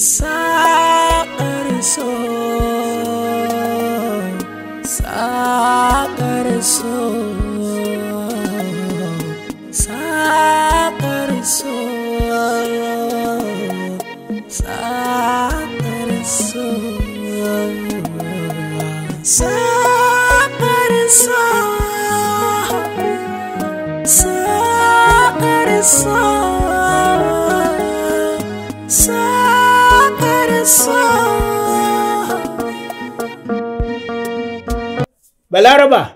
saƙar so so balaraba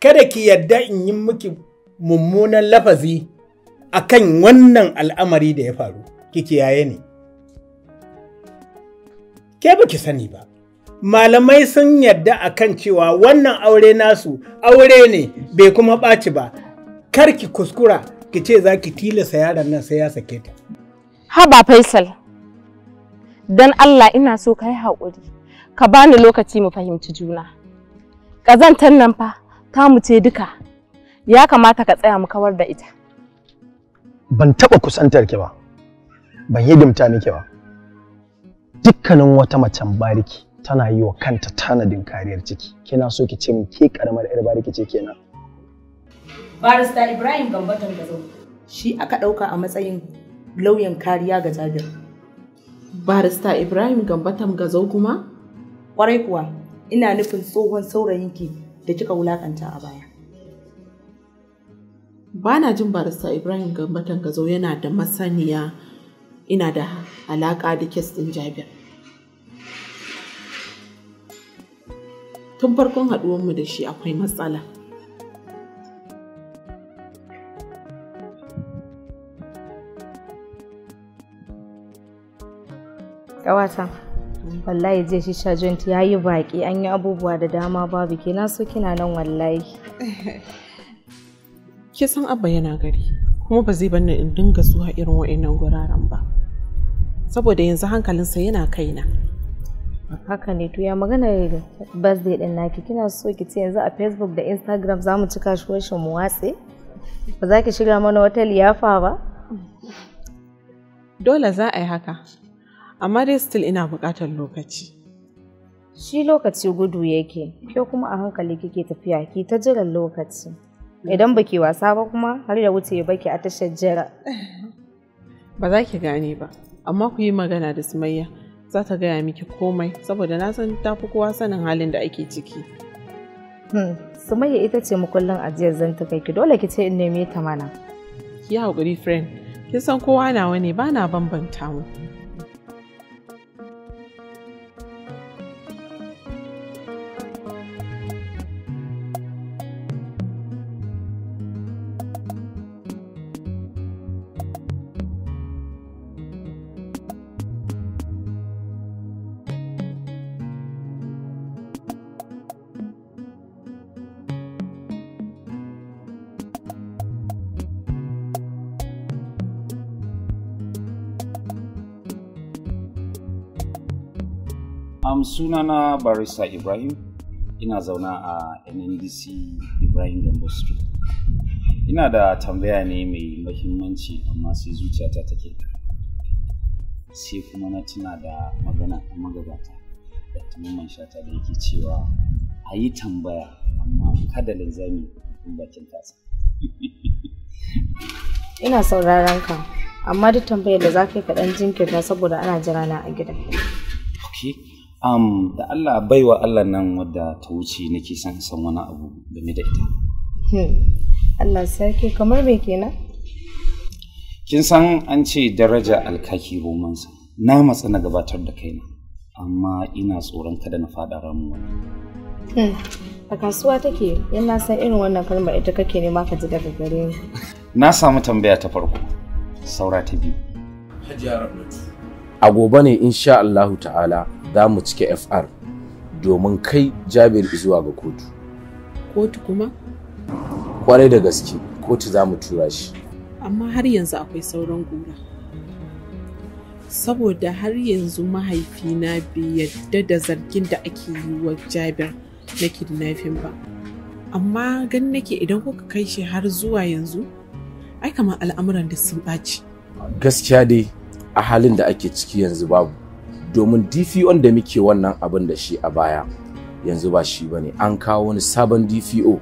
kada ki yadda in yi miki mummunan lafazi a kan wannan al'amari da ya faru ki kiyaye ne ke ba ki sani ba malamai sun yadda a kan cewa wannan aure nasu aure ne bai kuma ɓaci ba kar ki kuskura ki ce za ki tilasa yaron nan sai ya sake ta haba faisal don allah ina so ka yi haƙuri ka bani lokaci mu fahimci juna ƙazantar nan fa tamu ce duka ya kamata ka tsaya mu kawar da ita ban taɓa kusantar ki ba ban hidimta miki ba dukkanin wata macen bariki tana yi wa kanta tanadin kariyar ciki kina so ki ce min ke karamar yar bariki ce kenan barista ibrahim gambatan gazo shi aka ɗauka a matsayin lauyan kariya ga jabir barista ibrahim gambatan gazo kuma kwarai kuwa ina nufin tsohon saurayinki da kika wulakanta a baya ba na jin barista ibrahim gambatan gazo yana da masaniya ina da alaƙa da kes ɗin jabir tun farkon mu da shi akwai matsala ƙawata wallahi je shi shajent ya yi baki an yi abubuwa da dama babu ke so kina nan wallahi ke san abba yana gari kuma ba zai bani in dinga zuwa irin wa'annan guraren ba saboda yanzu hankalinsa yana kaina haka ne to ya magana birthday din naki kina so ki ce yanzu a facebook da instagram za mu cika shi washin mu watse ba za ki shiga mana wata liyafa ba dole za a yi haka amma dai still ina buƙatar lokaci shi lokaci gudu yake ke kuma a hankali kike tafiya ki ta jiran lokaci idan ba wasa ba kuma har da wuce ba ke a tashar jira ba za ki gane ba amma ku yi magana da sumayya za ta gaya miki komai saboda na san ta fi kowa sanin halin da ake ciki hmm, sumayya ita ce mukullin ajiyar zan kai ki dole ki ce in neme ta mana ki haƙuri friend kin san kowa nawa ne ba na bambanta mu Um, sunana barista Ibrahim ina zauna a NNDC Ibrahim Gambo Street. Ina da tambaya ne mai mahimmanci amma sai zuciyata take sai kuma na tuna da magana a magabata da tumman shata da yake cewa a yi tambaya amma kada linzami in bakin tasa. ina sauraron ka amma duk tambayar da za ka yi kaɗan jinkirta saboda ana jira na a gida. Um, da Allah baiwa Allah nan wadda ta wuce nake son san wani abu game da ita. Hmm. Allah sarki kamar me kenan? Kin san an ce daraja alkaki romansa. Na matsa na gabatar da kaina. Amma ina tsoron kada na faɗa ramuwa. Hmm. A kasuwa take yan na san irin wannan kalmar ita kake nema ka ji daga gare ni. Na samu tambaya ta farko. Saura ta biyu. Hajiya Rabbatu. A gobe ne insha Allahu ta'ala za mu cike fr domin kai jabir zuwa ga kotu kotu kuma kwarai da gaske kotu za mu tura shi amma har yanzu akwai sauran gura saboda har yanzu mahaifina bai yadda da zargin da ake yi wa jabir na kidnapping ba amma gan nake idan kuka kai shi har zuwa yanzu ai kamar al'amuran da sun ɓaci gaskiya dai a halin da ake ciki yanzu babu domin dpo da muke wannan abin da shi a baya yanzu ba shi bane an kawo wani sabon dpo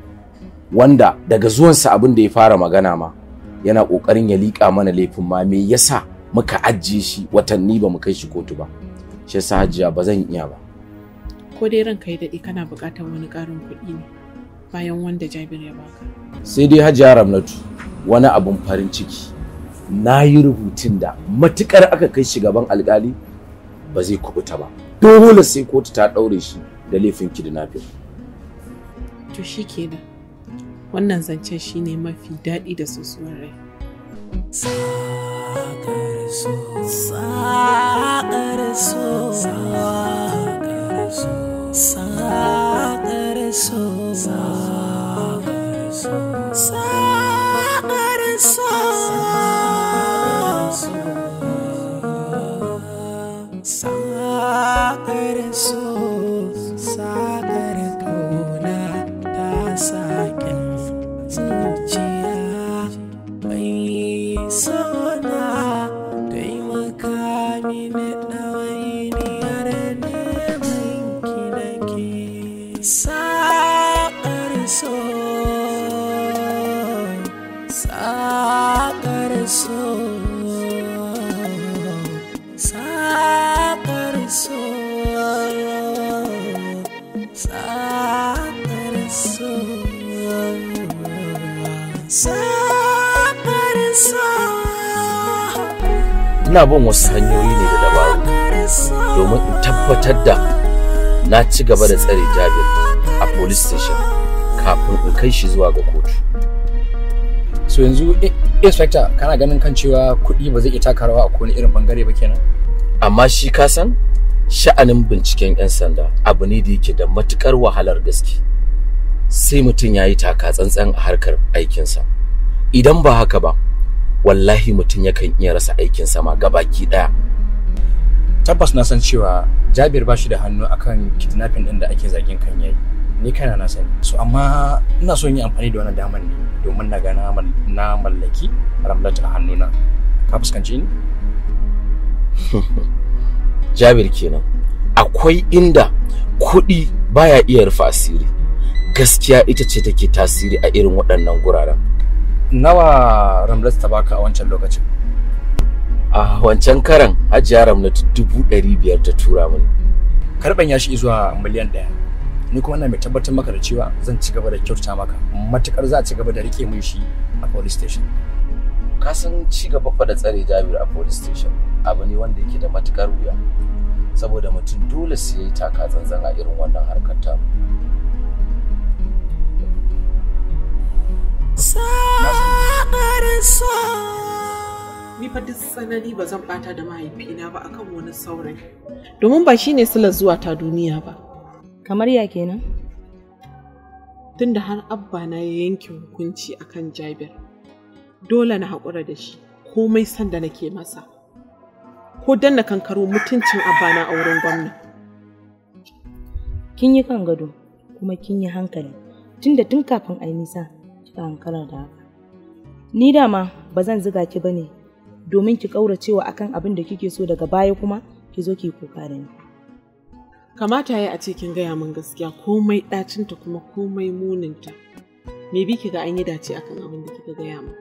wanda daga zuwansa abin da ya fara magana ma yana ƙoƙarin ya liƙa mana laifin ma me yasa muka ajiye shi watanni ba mu kai shi kotu ba shi yasa hajiya ba zan iya ba ko dai ranka ya daɗe kana buƙatar wani ƙarin kuɗi ne bayan wanda jabir ya baka sai dai hajiya ramnatu wani abun farin ciki na yi rubutun da matukar aka kai shi gaban alƙali ba zai kubuta ba dole sai kotu ta daure shi da laifin kidnapping to shikenan wannan zancen shine mafi daɗi da sosuwar rai Sa so burdens. ina bin wasu hanyoyi ne da dabaru domin in tabbatar da na ci gaba da tsare jabir a police station kafin in kai shi zuwa ga kotu so yanzu eh, inspector kana ganin kan cewa kuɗi ba zai iya taka rawa a kowane irin bangare ba kenan amma shi ka san sha'anin binciken 'yan sanda abu ne da yake da matukar wahalar gaske sai mutum ya yi taka tsantsan a harkar aikinsa idan ba haka ba wallahi mutum yakan iya rasa aikin sama gabaki daya tabbas na san cewa jabir ba shi da hannu akan kidnapping din da ake zagin kan yayi ni kana na sani so amma ina son yin amfani da wannan daman ne domin na ga na mallaki ramlata hannuna ka fuskanci ni jabir kenan akwai inda kuɗi baya iya rufe asiri gaskiya ita ce take tasiri a irin waɗannan guraren nawa ramlat ta baka a wancan lokacin a wancan karan hajiya ramlat dubu ɗari biyar ta tura mini karɓan ya shi zuwa miliyan ɗaya ni kuma ina mai tabbatar maka da cewa zan ci gaba da kyautata maka matukar za a ci gaba da rike min shi a police station ka san ci gaba fa da tsare jabir a police station abu ne wanda yake da matukar wuya saboda mutum dole sai ya yi taka zanzan a irin wannan harkar tamu Ni fa duk sanani ba zan bata da mahaifina ba akan wani saurayi. Domin ba shi ne silar zuwa ta duniya ba. Kamar ya kenan? Tunda har abba na ya yanke hukunci akan Jabir. Dole na haƙura da shi komai sanda nake masa. Ko dan na kankaro mutuncin abba na auren gwamna. Kin yi kan gado kuma kin yi hankali. Tunda tun kafin a nisa ta da haka ni dama ba zan ziga ki ba ne domin ki kauracewa akan abin da kike so daga baya kuma ki zo ki kuka da ni kamata ya a ce kin gaya min gaskiya komai ɗacinta kuma komai muninta me bi ki ga an yi dace akan abin da kika gaya min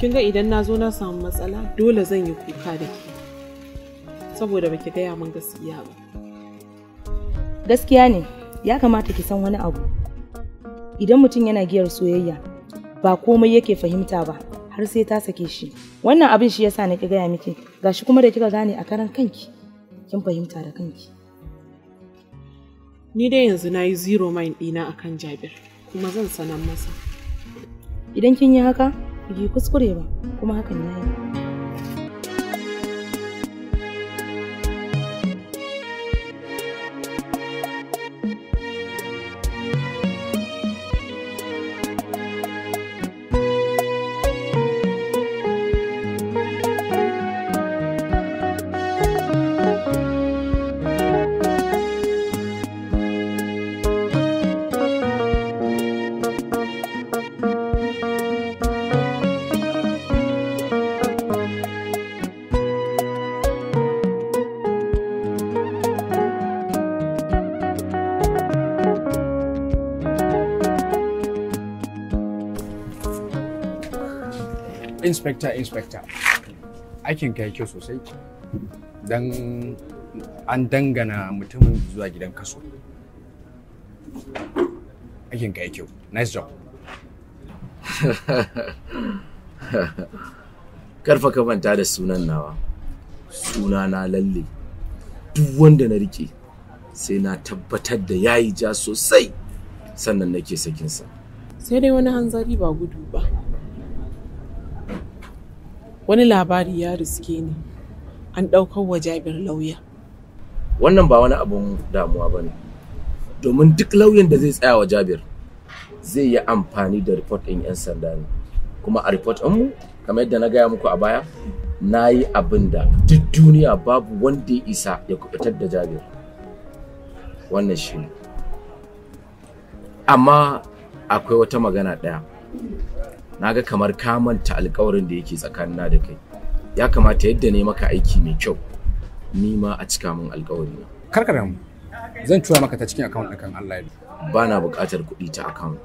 kin ga idan na zo na samu matsala dole zan yi kuka da ke saboda baki gaya min gaskiya ba gaskiya ne ya kamata ki san wani abu idan mutum yana giyar soyayya ba komai yake fahimta ba har sai ta sake shi wannan abin shi yasa na ki gaya miki gashi kuma da kika gane a karan kanki kin fahimta da kanki ni dai yanzu na yi zero mind ɗina akan jabir kuma zan sanar masa idan kin yi haka ki kuskure ba kuma hakan ya yi inspector inspector aikin ka kyau sosai dan an dangana mutumin zuwa gidan kaso aikin ka kyau nice job karfa ka manta da sunan nawa suna na lalle duk wanda na rike sai na tabbatar da yayi ja sosai sannan nake sakinsa sai dai wani hanzari ba gudu ba wani labari ya riske ni an ɗaukar wa jabir lauya wannan ba wani abun damuwa ba ne domin duk lauyan da zai tsaya wa jabir zai yi amfani da report ɗin 'yan sanda ne kuma a report mu kamar yadda na gaya muku a baya na yi abin da duk duniya babu wanda ya isa ya kubutar da jabir wannan shi ne amma akwai wata magana ɗaya naga kamar ka manta alkawarin da yake na da kai ya kamata yadda ne maka aiki mai kyau ni ma a cika min alkawari Kar ka damu, zan tura maka ta cikin account ɗin Allah ya ba na buƙatar kuɗi ta account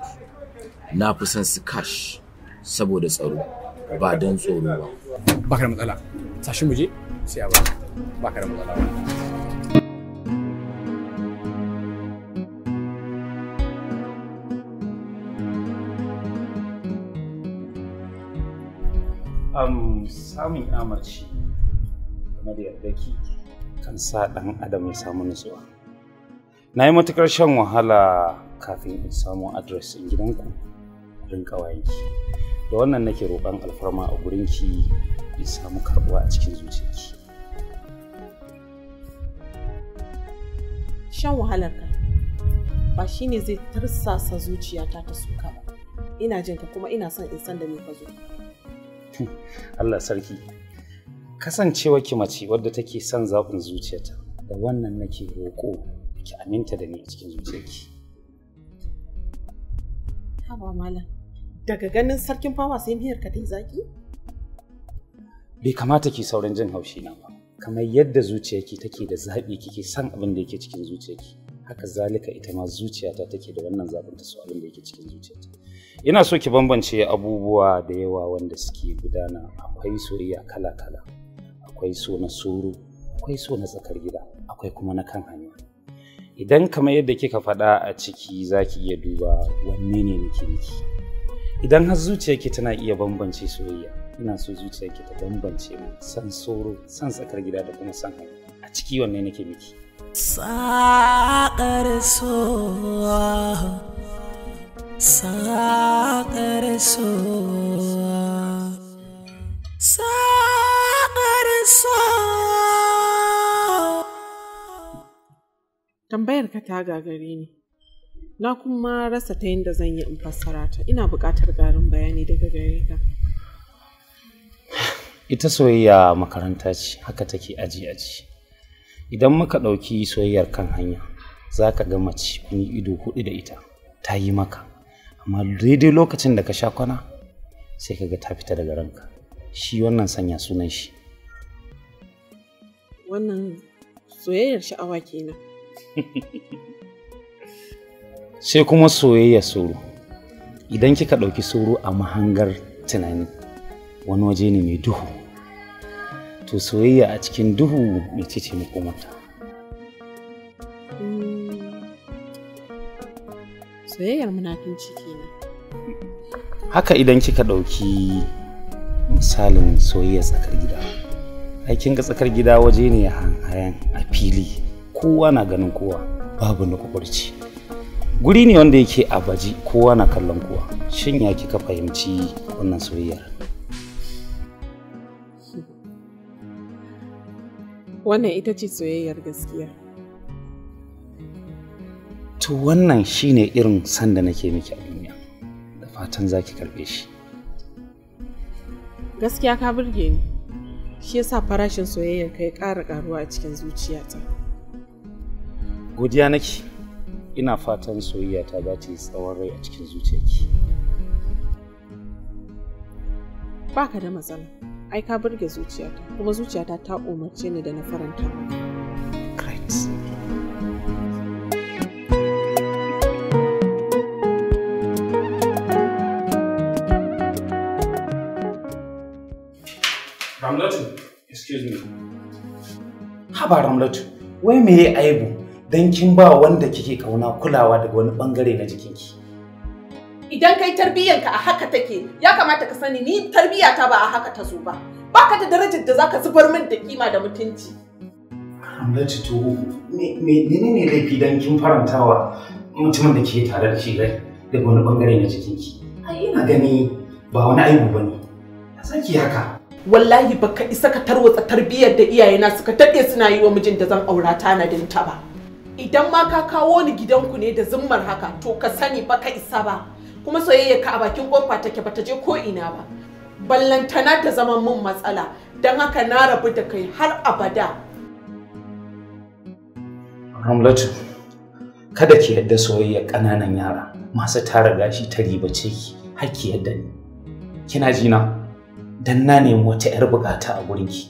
na fi son su cash saboda tsaro ba don tsoro ba ba ka da matsala tashi mu je sai a ba ba ka da matsala ba um, samun yamaci game da ki kan sa ɗan adam ya samu nutsuwa na yi matuƙar shan wahala kafin in samu adres in gidanku gurin ƙawayenki da wannan nake roƙon alfarma a gurinki in samu karɓuwa a cikin zuciyarki shan wahalar ka ba shine zai tarsasa zuciyata ta suka ba ina jinka kuma ina son in san da me ka zo Allah sarki kasancewa ki mace wadda take son zafin zuciyarta da wannan nake roƙo ki aminta da ni a cikin zuciyarki haba malam daga ganin sarkin fama sai miyar ka ta zaki bai kamata ki sauran jin haushi na ba kamar yadda zuciyarki take da zabi kike son abin da yake cikin zuciyarki haka zalika ita ma zuciyata take da wannan zabin ta su abin da yake cikin zuciyata ina so ki bambance abubuwa da yawa wanda suke gudana akwai soyayya kala kala akwai so na soro akwai so na tsakar gida akwai kuma na kan hanya idan kamar yadda kika faɗa a ciki za ki iya duba wanne ne nake miki idan har zuciyarki tana iya bambance soyayya ina so zuciyarki ta bambance mu san soro san tsakar gida da kuma san hanya a ciki wanne nake miki saƙar sowa saƙar saƙar tambayar ka ta gagare ni na kuma rasa ta yin da zan yi in fassara ta ina buƙatar garin bayani daga gare ka ita soyayya makaranta ce haka take aji aji idan muka ɗauki soyayyar kan hanya za ka ga mace kun ido hudu da ita ta yi maka amma daidai lokacin da ka sha kwana sai ka ga ta fita daga ranka shi wannan sanya sunan shi wannan soyayyar sha'awa kenan sai kuma soyayyar soro idan kika ɗauki soro a mahangar tunani wani waje ne mai duhu to soyayya a cikin duhu mai ce makomata soyayyar munafinci kenan haka idan kika ɗauki misalin soyayya tsakar gida aikin ga tsakar gida waje ne hayan a fili kowa na ganin kowa babu na kwakwarci guri ne wanda yake a baji kowa na kallon kowa shin ya kika fahimci wannan soyayyar Wannan ita ce soyayyar gaskiya. To wannan shine irin san da nake miki a duniya. Da fatan za ki karɓe shi. Gaskiya ka burge ni. Shi yasa farashin soyayyar ka ya ƙara ƙaruwa a cikin zuciyata. Godiya nake. Ina fatan soyayyata za ta yi tsawon rai a cikin zuciyarki. baka da matsala ai ka burge zuciyata kuma zuciyata ta umarce ni da na faranta Haba Ramlatu, wai me ya aibu don kin ba wanda kike kauna kulawa daga wani bangare na jikinki? idan kai tarbiyyanka a haka take ya kamata ka sani ni ta ba a haka ta zo ba baka da darajar da zaka zubar min da kima da mutunci Hamlatu to menene ne laifi dan kin farantawa mutumin da ke tare da shi rai daga wani bangare na cikin ki. ai ina gani ba wani aibu bane a saki haka wallahi baka isa ka tarwatsa tarbiyyar da iyayena suka daɗe suna yi wa mijin da zan aura tanadin ta ba idan ma ka kawo ni gidanku ne da zummar haka to ka sani baka isa ba kuma soyayya a bakin kofa take bata je ko ina ba ballantana ta zama mun matsala don haka na rabu da kai har abada Hamlatu kada ki yadda soyayya ƙananan yara masu tara gashi ta ribace ki har ki yadda ni kina jina? dan na nemi wata yar bukata a gurin ki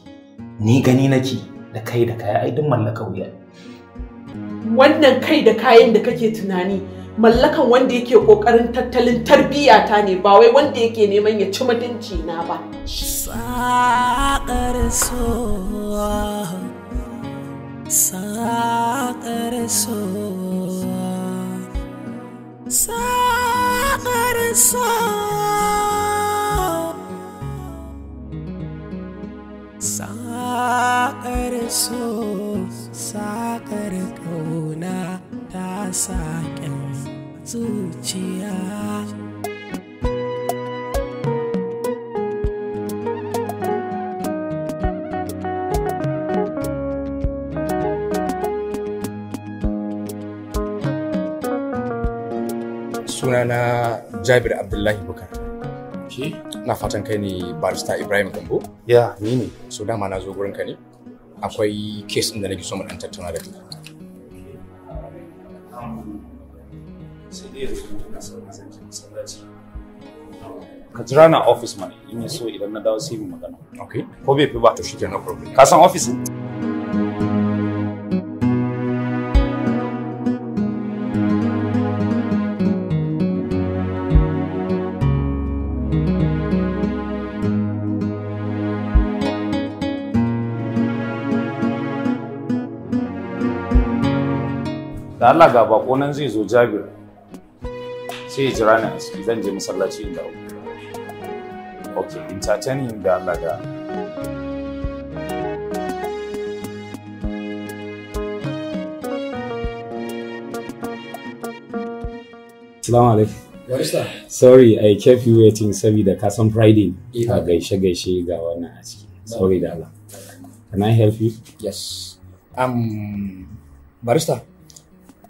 ni gani nake da kai da kai, ai mallaka wuya wannan kai da kayan da kake tunani mallakan wanda yake kokarin tattalin tarbiyya ta ne ba wai wanda yake neman ya ci mutunci na ba Sakar so, sakar kauna ta saƙin zuciya sunana jabir abdullahi bukar na fatan kai ne barista ibrahim gambo ya ni ne so dama na zo gurin ka ne akwai kes ɗin da nake so mu dan tattauna da kai sai dai yanzu ina son kasance masallaci ka jira na office mana in so idan na dawo sai mu magana okay ko bai fi ba to shike na problem ka san office da Allah ga bako nan zai zo Jabir sai jira ni a ciki zan je masallaci inda ok in ta ni inda Allah ga Assalamu alaikum. Sorry, I kept you waiting saboda ka san Friday. Eh, ka gaishe gaishe ga wannan a ciki. Sorry da Allah. Can I help you? Yes. Um, barista,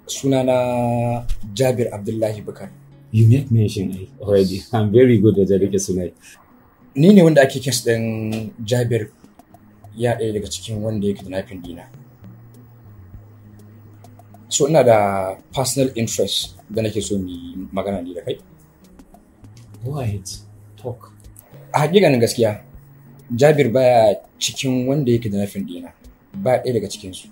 sunana Jabir Abdullahi Bukari. you make mention eh, already i'm very good at rike sunai ni ne wanda ake kes din jabir ya ɗaya daga cikin wanda yake da nafin dina so ina da personal interest da nake so mu magana ni da kai go ahead talk a hakikanin gaskiya jabir baya cikin wanda yake da nafin dina ba ɗaya daga cikinsu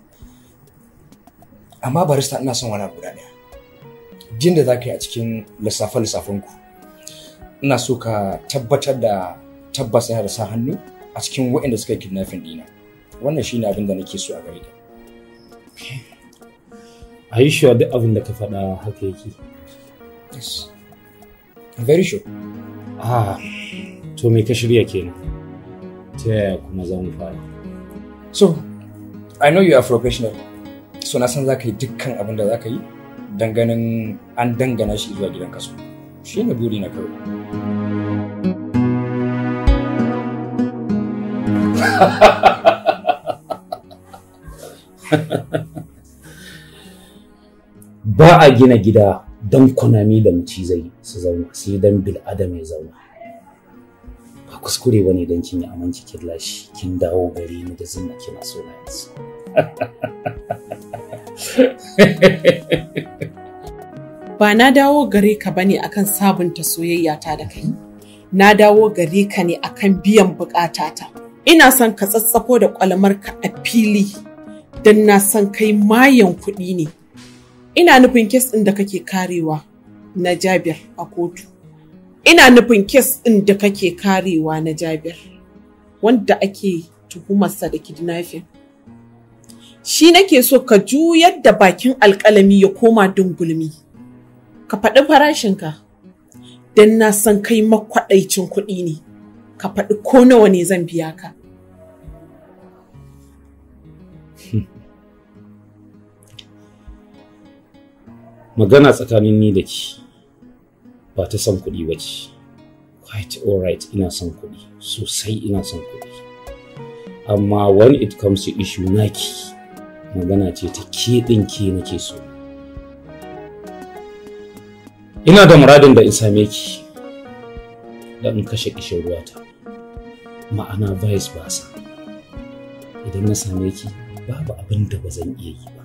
amma barista ina son wani abu da ɗaya jin da za ka yi a cikin lissafe-lissafenku ina so ka tabbatar da tabbas ya da sa hannu a cikin waɗanda suka yi kidnafin dina wannan shi ne abin da nake so a gare ka a yi sure duk abin da ka faɗa haka yake yes I'm very sure ah to me ka shirya kenan ta yaya kuma za mu fara so i know you are professional so na san za ka yi dukkan abin da za ka yi don an dangana shi zuwa gidan kaso shi ne buri na kawai ba a gina gida don kunami da zai su zauna sai don bil'adam ya zauna ba kuskure ba ne don cinye yi aminci kin lashi kin dawo gari ni da zina kina so na yanzu ba na dawo gare ka ba ne akan sabunta soyayya ta da kai na dawo gare ka ne akan biyan bukatata ina son ka tsatsako da ka a fili don na son kai mayan kuɗi ne ina nufin kes ɗin da kake karewa na jabir a kotu ina nufin kes ɗin da kake karewa na jabir wanda ake tuhumarsa da kidnapping shi nake so ka juyar da bakin alkalami ya koma dungulmi. Ka faɗi farashinka, Dan na san kai makwaɗaicin kuɗi ne, ka faɗi ko nawa ne zan biya ka. Magana tsakanin ni da ki ba ta son kuɗi ba ce. Quite alright ina son kuɗi, sosai ina son kuɗi. Amma when it comes to issue naki. magana ce ta ke nake so ina da muradin da in same ki da in kashe kishin ruwata ma'ana vice basa idan na same ki babu abin da ba zan iya yi ba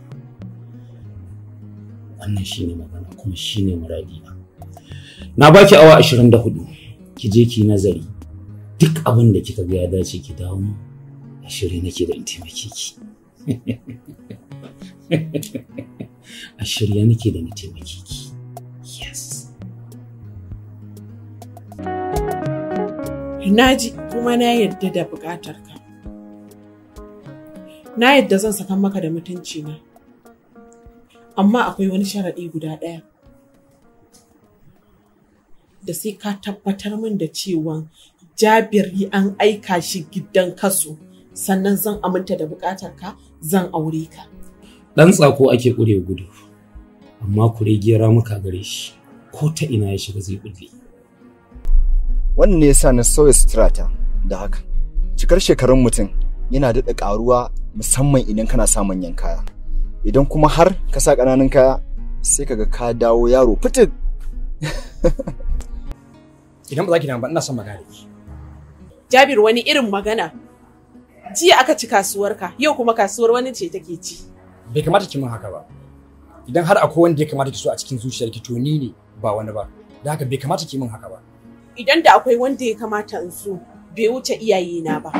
wannan shine magana kuma shine muradi na na baki awa ashirin hudu ki je ki nazari duk abin da kika ga ya dace ki dawo a shirye nake da in taimake ki a shirya nake da na taimake ki yes ji kuma na yadda da buƙatar ka na yadda zan saka maka da mutunci na amma akwai wani sharaɗi guda ɗaya da sai ka tabbatar min da cewa jabiri an aika shi gidan kasu sannan zan aminta da buƙatar ka zan aure ka. Ɗan tsako ake ƙure gudu, amma kure gera muka gare shi, ko ta ina ya shiga zai bulle. Wannan ne yasa na sauya suturata da haka. Cikar shekarun mutum yana daɗa ƙaruwa musamman idan kana sa manyan kaya. Idan kuma har ka sa ƙananan kaya sai kaga ka dawo yaro fitin. Idan ba za ki ba ina son magana Jabir wani irin magana jiya aka ci kasuwarka yau kuma kasuwar wani ce take ci bai kamata ki mun haka ba idan har akwai wanda ya kamata ki so a cikin zuciyarki to ni ne ba wani ba da haka bai kamata ki mun haka ba idan da akwai wanda ya kamata in so bai wuce iyayena ba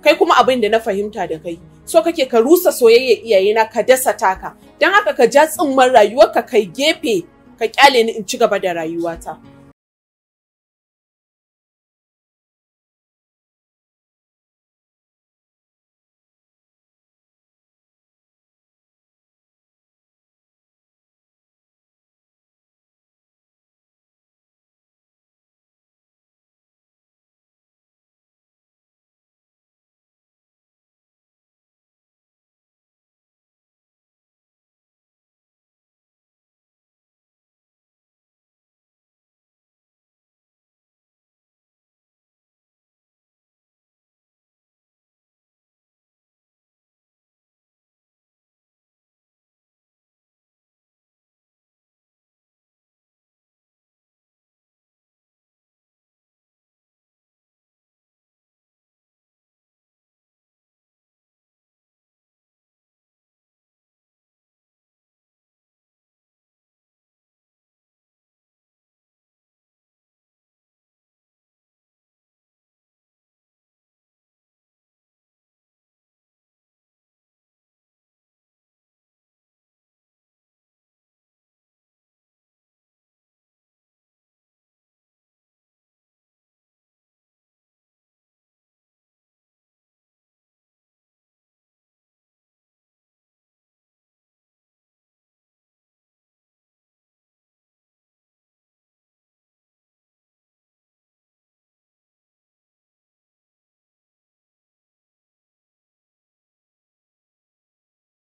kai kuma abin da na fahimta da kai so kake ka rusa soyayya na ka dasa taka dan haka ka ja tsimman rayuwarka kai gefe ka kyale ni in ci gaba da rayuwata